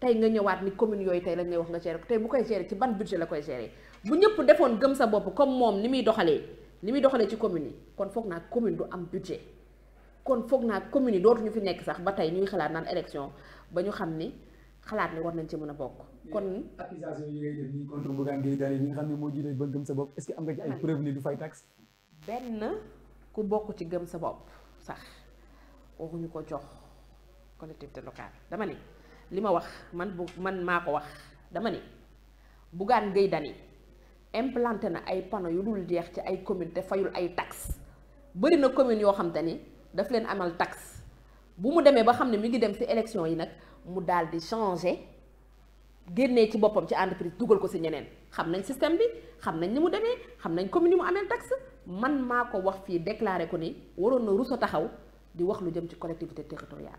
tey nga ñëwaat ni commune yooyu tey lañ lay wax nga gérer ko tey bu koy gérer ci ban budget la koy gérer bu ñëpp defoon gëm sa bopp comme moom ni muy doxalee ni muy doxalee ci commune yi kon foog naa commune du am budget kon foog naa commune yi dootuñu fi nekk sax ba tey ñuy xalaat naan élection ba ñu xam ni xalaat ni war nañ ci mën a bokk. kon accusation yi ngay ñi nga ne moo jiite ba gëm sa bopp est-ce am nga ci ay preuve ni du fay taxe. benn ku bokk ci gëm sa bopp sax waxuñu ko jox collectivité locale dama li li ma wax man bu man maa ko wax dama ne Bougane Gueye Dany implanté na ay pano yu dul jeex ci ay commune te fayul ay taxe bëri na commune yoo xam te ni daf leen amal tax bu mu demee ba xam ne mi ngi dem ci élection yi nag mu dal di changé génnee ci boppam ci entreprise dugal ko ci ñeneen xam nañ système bi xam nañ ni mu demee xam nañ commune yi mu amee taxe man maa ko wax fii déclaré ko ni waroon na rusa taxaw di wax lu jëm ci collectivité teritorial